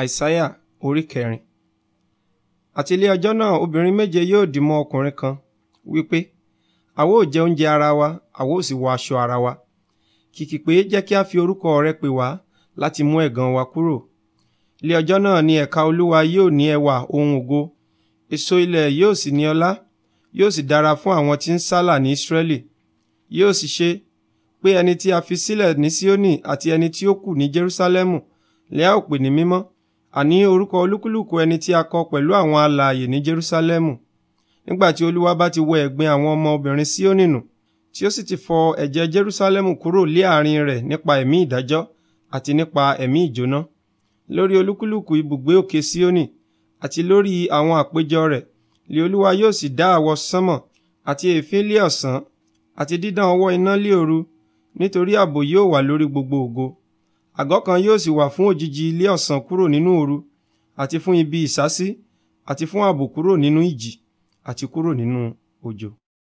àìsáyà orí kẹrin àti ilé ọjọ́ náà obìnrin méje yóò dì mọ́ ọkùnrin kan wípé àwa jẹ oúnjẹ ara wa àwa ò sì wọ aṣọ ara wa kìkì pé jẹ́ kí a fi orúkọ rẹ pè wá láti mú ẹ̀gàn wa kúrò ilé ọjọ́ náà ni ẹ̀ka olúwa yóò ní ẹwà ohun ògo èso ilẹ̀ yóò sì ní ọlá yóò sì dára fún àwọn tí ń sálà ní Ísírẹ́lì yóò sì ṣe pé ẹni tí a fi sílẹ̀ ní Síónì àti ẹni tí ó kù ní Jerúsálẹ́mù lẹ́ ní mímọ́ àní orúkọ olúkúlùkù ẹni tí a kọ pẹ̀lú àwọn alààyè ní Jerúsálẹ́mù nígbà tí olúwa bá ti wọ ẹ̀gbin àwọn ọmọbìnrin Síónì nù tí ó sì ti fọ ẹ̀jẹ̀ Jerúsálẹ́mù kúrò lé àárín rẹ̀ nípa ẹ̀mí ìdájọ́ àti nípa ẹ̀mí ìjóná lórí olúkúlùkù ibùgbé òkè Síónì àti lórí àwọn àpéjọ rẹ̀ lé olúwa yóò sì dá àwọ̀ sánmọ̀ àti èéfín lé ọ̀sán àti dídán ọwọ́ iná lé òru nítorí ààbò yóò wà lórí gbogbo ògo àgọ́ kan yóò sì wà fún òjìji ilé ọ̀sán kúrò nínú òru àti fún ibi ìsásí àti fún ààbò kúrò nínú ìjì àti kúrò nínú òjò